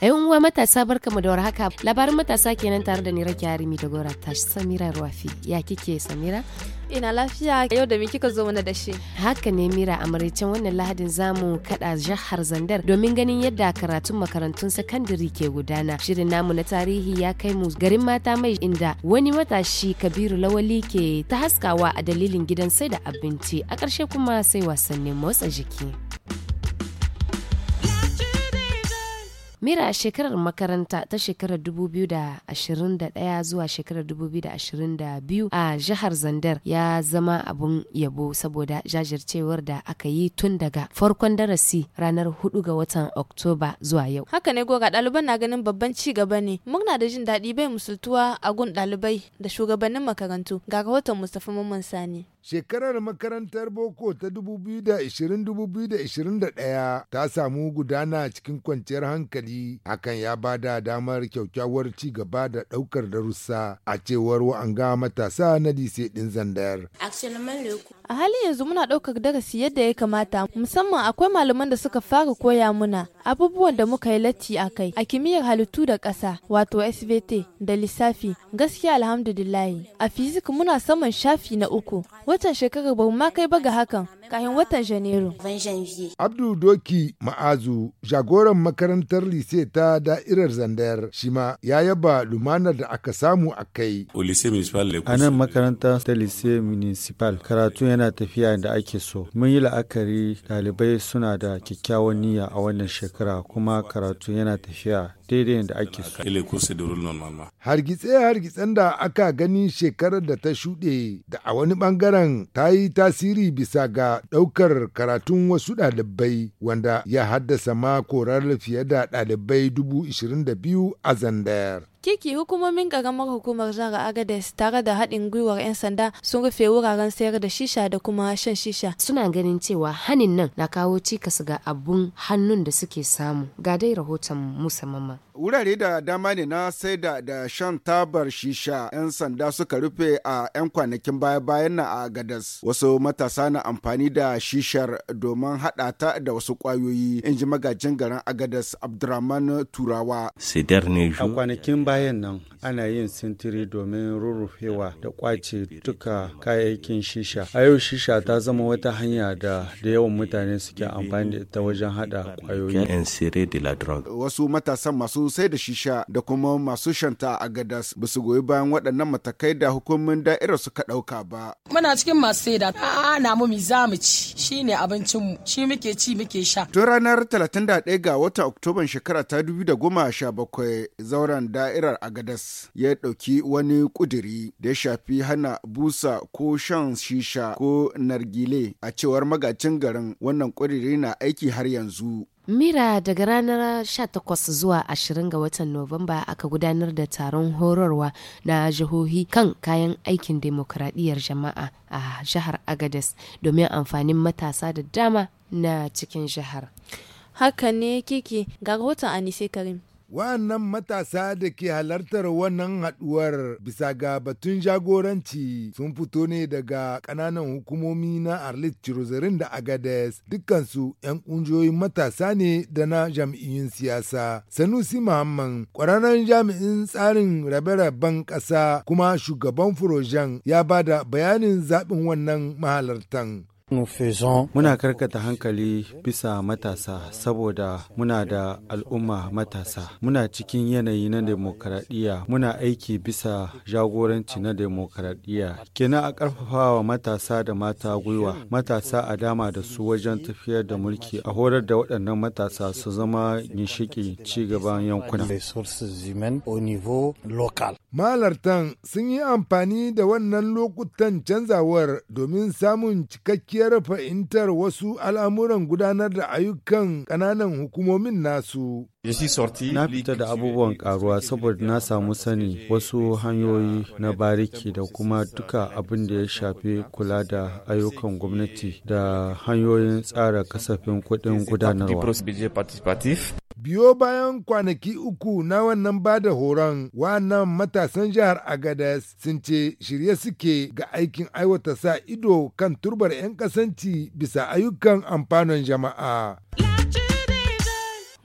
Ayan wa matasa barkamu da warhaka. Labarin matasa kenan tare da Nira Kyari mi da Gora ta Samira Rafi. Ya kike Samira? Ina lafiya yau da mi kika zo mana da shi. Haka ne Mira a maraicen wannan Lahadin zamu kada jihar Zandar domin ganin yadda karatun makarantun sakandare ke gudana. Shirin namu na tarihi ya kai mu garin mata mai inda wani matashi Kabiru Lawali ke ta haskawa a dalilin gidan sai da abinci a ƙarshe kuma sai wasannin motsa jiki. Mira a shekarar makaranta ta shekarar 2021 zuwa shekarar 2022 a jihar Zandar ya zama abun yabo saboda jajircewar da aka yi tun daga farkon darasi ranar 4 ga watan Oktoba zuwa yau. Haka ne goga ɗaliban na ganin babban ci gaba ne. Muna da jin daɗi bai musultuwa a gun ɗalibai da shugabannin makarantu. Ga watan Mustapha Mamman Sani. Shekarar makarantar Boko ta 2020-2021 ta samu gudana cikin kwanciyar hankali, hakan ya ba da damar kyaukyawar ci gaba da ɗaukar darussa a cewar wa'anga matasa na lise ɗin zandar. A halin yanzu muna ɗaukar darasi yadda ya kamata musamman akwai malaman da suka fara koya muna abubuwan da muka yi latti a kai a kimiyyar halittu da ƙasa wato SVT da lissafi gaskiya alhamdulillahi a fizik muna saman shafi na uku watan shekarar ba ma kai ba ga hakan kayan watan Janairu. Abdu Doki Ma'azu jagoran makarantar lise ta da'irar Zandayar shi ma ya yaba lumanar da aka samu a kai. A nan makaranta ta lise municipal karatu yana yana tafiya da ake so. Mun yi la'akari ɗalibai suna da kyakkyawan niyya a wannan shekara kuma karatu yana tafiya daidai da ake so. Hargitse-hargitsen da aka gani shekarar da ta shuɗe da a wani ɓangaren ta yi tasiri bisa ga ɗaukar karatun wasu ɗalibai wanda ya haddasa ma korar fiye da ɗalibai dubu ishirin da biyu a Zandayar. Kiki hukumomin karamar hukumar jihar Agades tare da haɗin gwiwar 'yan sanda sun rufe wuraren sayar da shisha da kuma shan shisha. Suna ganin cewa hanin nan na kawo cikas ga abun hannun da suke samu. Ga dai rahoton Musa Mamman. Wurare da dama ne na sai da shan tabar shisha 'yan sanda suka rufe a 'yan kwanakin baya-bayan na Agades. Wasu matasa na amfani da shishar domin haɗa ta da wasu ƙwayoyi. In ji magajin garin Agades Abdurrahman Turawa. A kwanakin bayan nan ana yin sintiri domin rurrufewa da kwace duka kayayyakin shisha a yau shisha ta zama wata hanya da da yawan mutane suke amfani da ta wajen hada kwayoyi wasu matasan masu sai da shisha da kuma masu shanta a gadas ba su goyi bayan waɗannan matakai da hukumin da'irar suka ɗauka ba muna cikin masu sai da ana mu za mu ci abincin abincinmu shi muke ci muke sha tun ranar 31 ga watan oktoban shekara ta 2017 zauren da. mirar agadas ya ɗauki wani ƙudiri da ya shafi hana busa ko shan shisha ko nargile a cewar magacin garin wannan ƙudiri na aiki har yanzu Mira daga ranar 18 zuwa 20 ga watan Nuwamba aka gudanar da taron horarwa na jihohi kan kayan aikin demokradiyyar jama'a a jihar Agadez domin amfanin matasa da dama na cikin jihar. Haka ne kiki ga rahoton Anise Karim. Wannan matasa da ke halartar wannan haɗuwar bisa ga batun jagoranci sun fito ne daga ƙananan hukumomi na Arlit Cirozerin da Agades dukkansu 'yan ƙungiyoyin matasa ne da na jam'iyyun siyasa. Sanusi Muhammad ƙwararren jami'in tsarin rabe-raben ƙasa kuma shugaban furojen ya bada bayanin zaɓin wannan mahalartan. Muna karkata hankali bisa matasa saboda muna da al'umma matasa. Muna cikin yanayi na demokaradiyya muna aiki bisa jagoranci na demokaradiyya. Kina a wa matasa da mata gwiwa, matasa a dama da su wajen tafiyar da mulki a horar da waɗannan matasa su zama ginshiƙi ci gaban yankuna. Malartan sun yi amfani da wannan lokutan canzawar domin samun cikakkiyar fahimtar wasu al'amuran gudanar da ayyukan ƙananan hukumomin nasu. Na fita da abubuwan karuwa saboda na samu sani wasu hanyoyi na bariki da kuma duka abin da ya shafi kula da ayyukan gwamnati da hanyoyin tsara kasafin kuɗin gudanarwa. biyo bayan kwanaki uku na wannan ba da horon wannan matasan jihar agadas sun ce shirye suke ga aikin aiwata sa ido kan turbar 'yan kasanci bisa ayyukan amfanin jama'a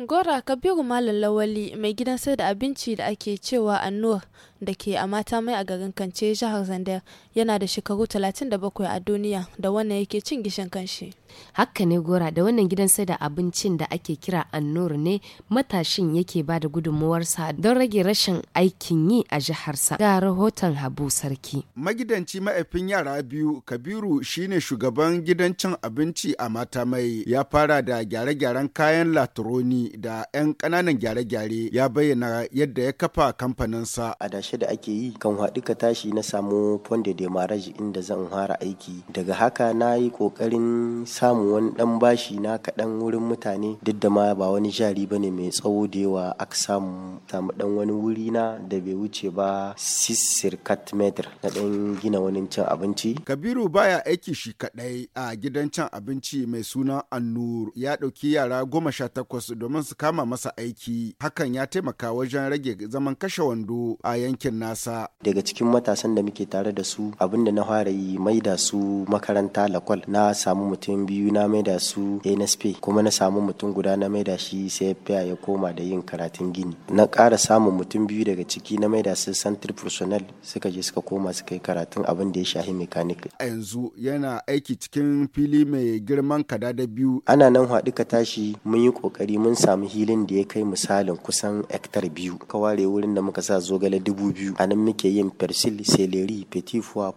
Gora Kabiru Malam Lawali mai gidan sai da abinci da ake cewa Annur da ke a mata mai a garin Kance jihar Zandar yana da shekaru 37 a duniya da wannan yake cin gishin kanshi. Haka ne gora da wannan gidan sai da abincin da ake kira annur ne matashin yake ba da gudunmuwarsa don rage rashin aikin yi a jiharsa. Ga rahoton Habu Sarki. Magidanci ma'aifin yara biyu Kabiru shine shugaban gidan cin abinci a mata mai ya fara da gyare-gyaren kayan latroni da 'yan ƙananan gyare-gyare ya bayyana yadda ya kafa kamfaninsa. Adashe da ake yi kan haɗu ka tashi na samu fonde de maraji inda zan fara aiki daga haka na yi ƙoƙarin samun wani dan bashi na kaɗan wurin mutane duk da ma ba wani jari ba ne mai tsawo da yawa aka samu samu dan wani wuri na da bai wuce ba sisir meter na dan gina wani cin abinci. Kabiru baya aiki shi kaɗai a gidan cin abinci mai suna Annur ya ɗauki yara goma sha takwas domin su kama masa aiki hakan ya taimaka wajen rage zaman kashe wando a yankin nasa. Daga cikin matasan da muke tare da su abinda na fara yi mai da su makaranta lakwal na samu mutum biyu na da su nsp kuma na samu mutum guda na mai da shi sai ya koma da yin karatun gini na ƙara samun mutum biyu daga ciki na maida su santir personnel suka je suka koma suka yi karatun abin da ya shahi mechanic a yanzu yana aiki cikin fili mai girman kada da biyu ana nan haɗu ka tashi mun yi ƙoƙari mun samu hilin da ya kai misalin kusan hektar biyu ka ware wurin da muka sa zogale dubu biyu a nan muke yin persil seleri petit foie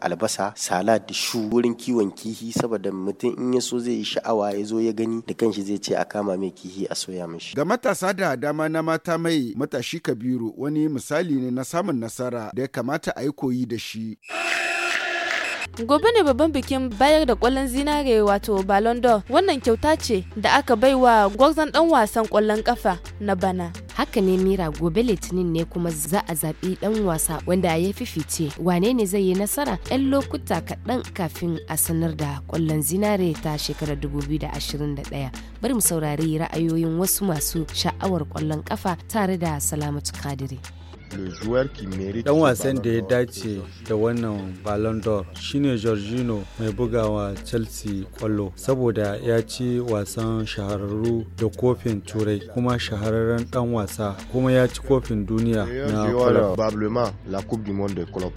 albasa salad shu wurin kiwon kihi saboda mutum mutum in ya so zai yi sha'awa ya zo ya gani da kanshi zai ce a kama mai kihi a soya mishi ga matasa da dama na mata mai matashi kabiru wani misali ne na samun nasara da ya kamata a yi koyi da shi Gobe ne babban bikin bayar da kwallon zinare wato Ballon d'Or. Wannan kyauta ce da aka bai wa gwarzon dan wasan kwallon kafa na bana. haka ne mira gobe litinin ne kuma za a zaɓi ɗan wasa wanda ya fifice wane ne zai yi nasara 'yan lokuta kaɗan kafin a sanar da kwallon zinare ta shekarar 2021 bari mu saurari ra'ayoyin wasu masu sha'awar kwallon kafa tare da salamatu kadiri Dan wasan da ya dace da wannan Ballon d'Or shine Jorginho mai bugawa Chelsea kwallo saboda ya ci wasan shahararru da kofin Turai kuma shahararren dan wasa kuma ya ci kofin duniya na club.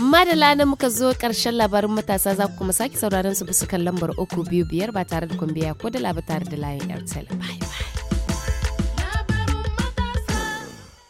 madala na muka zo karshen labarin matasa za ku kuma sake sauraron su bisa kan lambar uku biyu biyar ba tare da kwambiya ko da labar tare da layin airtel bye